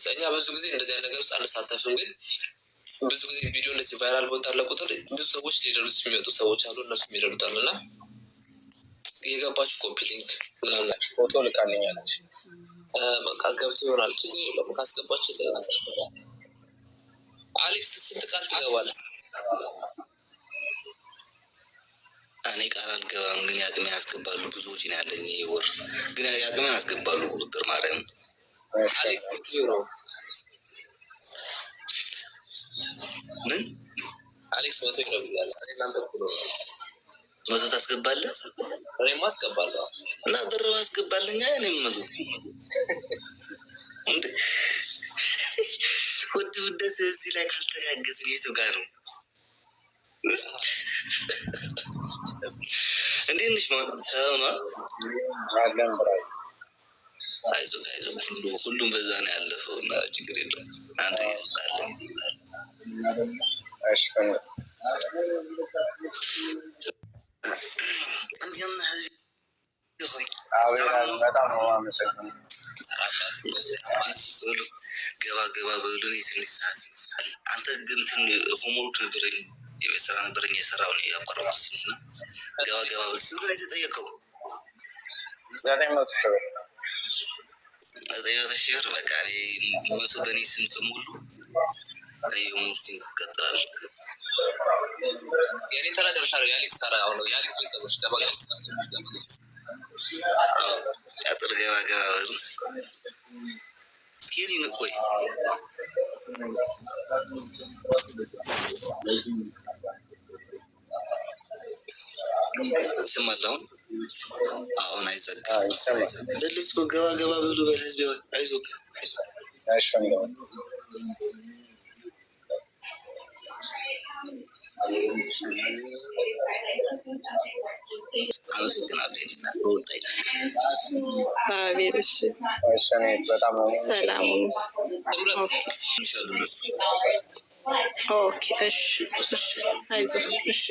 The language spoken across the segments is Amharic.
ስለዚህ እኛ ብዙ ጊዜ እንደዚህ ነገር ውስጥ አንሳተፍም። ግን ብዙ ጊዜ ቪዲዮ እንደዚህ ቫይራል በወጣለ ቁጥር ብዙ ሰዎች ሊደሉት የሚመጡ ሰዎች አሉ። እነሱ ይረዱታል እና የገባችሁ ኮፒ ሊንክ ምናምን ፎቶ ልካልኛለች ገብቶ ይሆናል ካስገባችሁ አሌክስ ስንት ቃል ትገባለህ? እኔ ቃል አልገባም፣ ግን ያቅሜን አስገባሉ። ብዙዎች ነው ያለኝ ይህ ወር፣ ግን ያቅሜን አስገባሉ። ቁጥጥር ማርያም አሌክስ መቶ ነው ብያለሁ። ውድ ውደት እዚህ ላይ ካልተጋገዝ ቤቱ ጋር ነው። እንዴት ነሽ? ሰላም ነው። አይዞህ አይዞህ ሁሉ ሁሉም በዛ ነው ያለፈው እና ችግር የለም። አንተ ገባ ገባ በሉ። ትንሽ ሰዓት አንተ ግን ሆምወርክ ነበረኝ የቤት ስራ ነበረኝ የሰራውን ያቋረጥኩት ገባ ገባ በሉ። ስንት ነው የተጠየቀው? ዘጠኝ መቶ ሺህ ብር ዘጠኝ መቶ ሺህ ብር በቃ መቶ በእኔ ስም ከሞሉ እኔ ሞርኩ ይቀጥላል። የኔ ተራ ደርሻለሁ። የአሌክስ ተራ አሁን ነው። የአሌክስ ቤተሰቦች ገባ አጥር ገባ ገባ በሉ እስኪ እኔን ቆይ ስማለሁን አሁን አይዘጋም። ደልስ ገባ ገባ ብሎ በህዝብ አይዞህ አመሰግናለሁ። ኦኬ፣ እሺ፣ እሺ፣ አይዞህ፣ እሺ፣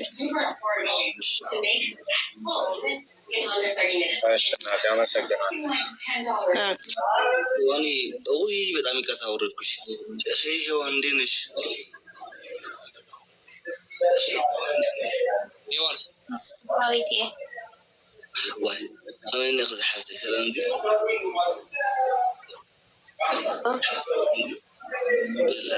ሆኔ ውይ፣ በጣም ይቅርታ አወረድኩሽ። ሄዋን እንዴት ነሽ? አመነ ክዝሓፍተ ሰላም ላ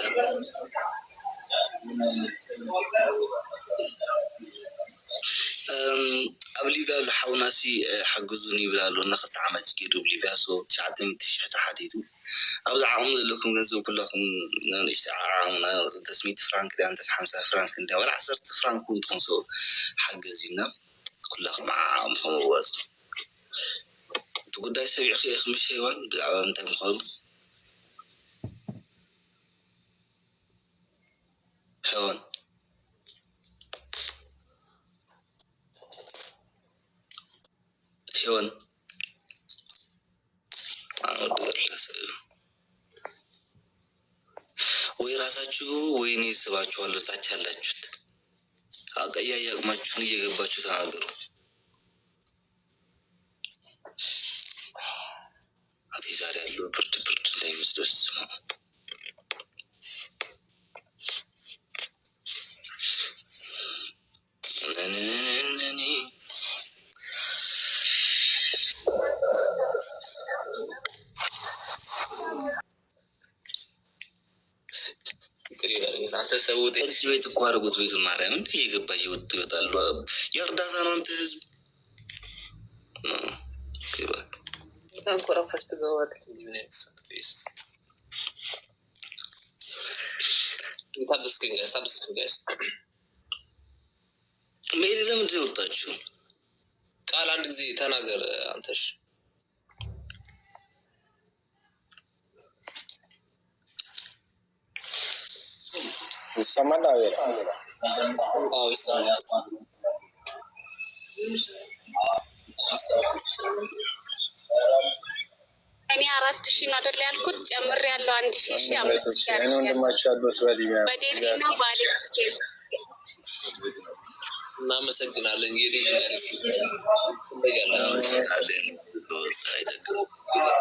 ሓግዙን ይብል ኣሎ ንክልተ ዓመት ገይሩብ ሊብያ ትሽዓተ ትሽሕተ ሓቲቱ ኣብ ዝዓቕሙ ዘለኩም ገንዘብ ኩለኹም ንእሽተ ዓቕሙና ተስሚት ፍራንክ ዳ እንተ ሓምሳ ፍራንክ እንዳ ወላ ዓሰርተ ፍራንክ እውን ትኹም ሰብ ሓገዝ ኢልና ኩላኹም ዓቕምኹም ወፅ እቲ ጉዳይ ሰሚዕ ክየ ክምሽ ይዋን ብዛዕባ እንታይ ምኳኑ ሔወን ራሳችሁ ወይኔ ስባችኋለሁ ታች ያላችሁት አቀያይ አቅማችሁን እየገባችሁ ተናገሩ። ሰው እርጅ ቤት እኮ አድርጎት ቤቱ ማርያምን እየገባ እየወጡ ይወጣሉ። የእርዳታ ነው አንተ ህዝብ መሄድ ለምንድን ወጣችሁ? ቃል አንድ ጊዜ ተናገር አንተሽ ይሰማል? እኔ አራት ሺ ነው አይደል ያልኩት፣ ጨምር ያለው አንድ ሺ ሺ አምስት ሺ በዴዚና በአሌክስ እናመሰግናለን።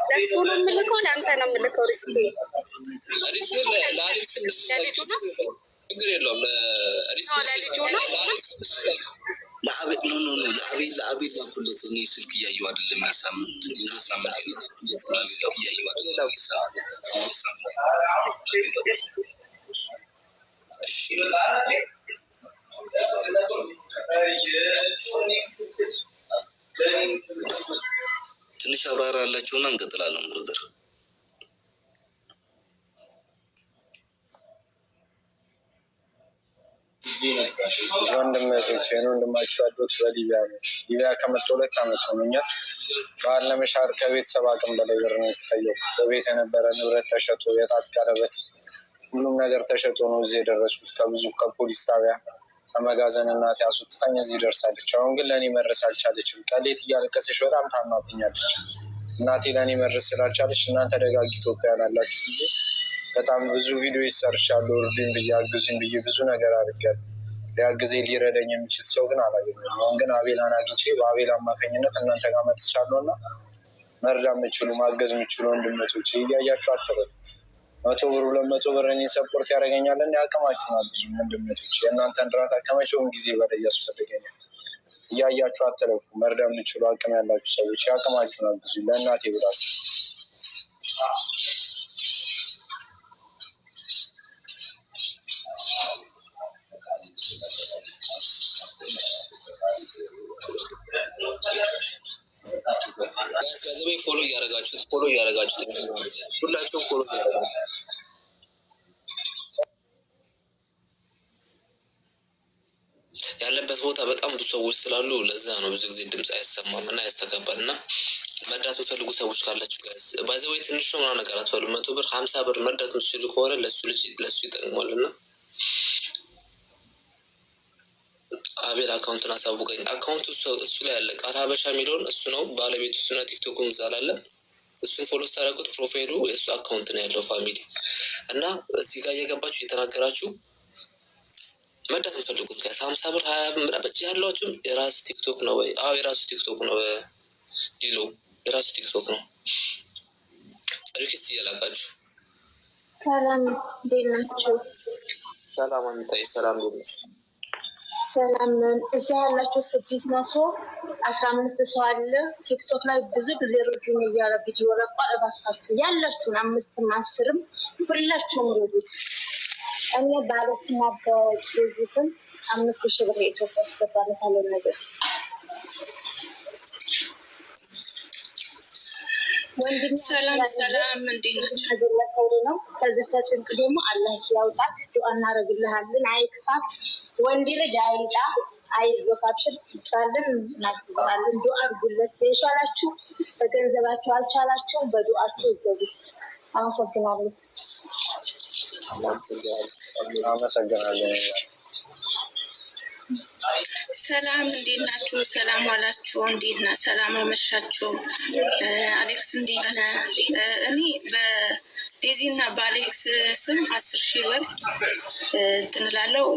ለእሱ ነው የምልከው፣ ለአንተ ነው የምልከው። ችግር የለውም ለአቤል ኖ ኖ ኖ ለአቤል ለአቤል ላኩለት። እኔ ስልክ እያየሁ አይደለም። ሳምንት ሳምንት ስልክ እያየሁ አይደለም። እሺ ታብራራላችሁና እንቀጥላለን። ብሮዘር ወንድም እህቶቼን ወንድማችሁ አዶት በሊቢያ ነው። ሊቢያ ከመጡ ሁለት ዓመት ሆኖኛል። ባህር ለመሻር ከቤተሰብ አቅም በላይ ብር ነው የተታየው። በቤት የነበረ ንብረት ተሸጦ፣ የጣት ቀለበት፣ ሁሉም ነገር ተሸጦ ነው እዚህ የደረስኩት ከብዙ ከፖሊስ ጣቢያ ከመጋዘን እናቴ አስወጥታኝ እዚህ ደርሳለች። አሁን ግን ለእኔ መድረስ አልቻለችም። ቀሌት እያለቀሰች በጣም ታማብኛለች። እናቴ ለእኔ መድረስ ስላልቻለች እናንተ ደጋግ ኢትዮጵያን አላችሁ ጊዜ በጣም ብዙ ቪዲዮ ይሰርቻለሁ። እርዱኝ ብዬ አግዙኝ ብዬ ብዙ ነገር አድርጌያለሁ። ሊያግዜ ሊረዳኝ የሚችል ሰው ግን አላገኘሁም። አሁን ግን አቤላን አግኝቼ በአቤላ አማካኝነት እናንተ ጋር መጥቻለሁ እና መርዳ የምችሉ ማገዝ የምችሉ ወንድመቶች እያያችሁ አትረፉ። መቶ ብር ሁለት መቶ ብር እኔ ሰፖርት ያደረገኛል እና አቅማችሁን ብዙ ወንድምነቶች፣ የእናንተን እርዳታ ከመቼውም ጊዜ በላይ እያስፈልገኛል። እያያችሁ አትለፉ። መርዳ የምንችሉ አቅም ያላችሁ ሰዎች ነው ብዙ ለእናቴ ብላችሁ ወይ ፎሎ እያደረጋችሁት ፎሎ እያደረጋችሁት ሁላችሁም ፎሎ እያደረጋችሁት ያለበት ቦታ በጣም ብዙ ሰዎች ስላሉ ለዛ ነው ብዙ ጊዜ ድምፅ አይሰማም እና ያስተጋባል እና መርዳት የምፈልጉ ሰዎች ካላችሁ ጋዝ ባይዘ ወይ ትንሽ ነው ምናምን ነገር አትበሉ። መቶ ብር ሀምሳ ብር መርዳት የምትችሉ ከሆነ ለሱ ልጅ ለሱ ይጠቅሟል እና አቤል አካውንትን አሳውቀኝ። አካውንቱ እሱ ላይ አለ። ቃል ሀበሻ የሚለውን እሱ ነው ባለቤቱ እሱ ነው። ቲክቶኩም እዛ ላለ እሱን ፎሎ ስታደርጉት ፕሮፋይሉ የእሱ አካውንት ነው ያለው ፋሚሊ እና እዚህ ጋር እየገባችሁ እየተናገራችሁ መዳት የምፈልጉት ጋር ሀምሳ ብር ሀያ ብር ምናምን ብቻ ያሏችሁም የራሱ ቲክቶክ ነው ወይ? አዎ የራሱ ቲክቶክ ነው ዲሎ የራሱ ቲክቶክ ነው። ሪክስት እያላካችሁ ሰላም ሰላም፣ አሚታይ ሰላም ሰላም ነን። እዛ ስድስት መቶ አስራ አምስት ሰው አለ። ቲክቶክ ላይ ብዙ ጊዜ ሩጁን እያለ ቪዲዮ ለቋል። እባካችሁ ያላችሁን አምስትም አስርም ሁላችሁም እኔ ባለትና አምስት ሺ ብር የኢትዮጵያ አስገባለታለ ነገር ሰላም እንዴት ናቸው? ከዚህ ከጭንቅ ደግሞ አላህ ያውጣት። ዱአ እናደርግልሃለን። አይክፋት ወንድ ልጅ አይምጣ አይዞካችን ይባልን እናስባለን። ዱአ አድርጉለት። የቻላችሁ በገንዘባችሁ አልቻላችሁ በዱአ ዘዙት። አመሰግናለሁ። አመሰግናለሁ። ሰላም እንዴት ናችሁ? ሰላም ዋላችሁ? እንዴት ና ሰላም አመሻችሁ? አሌክስ እንዴት ነህ? እኔ ዴዚ እና በአሌክስ ስም አስር ሺህ ብር እንትን እላለሁ።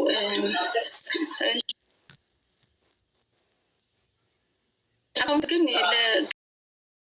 አካውንት ግን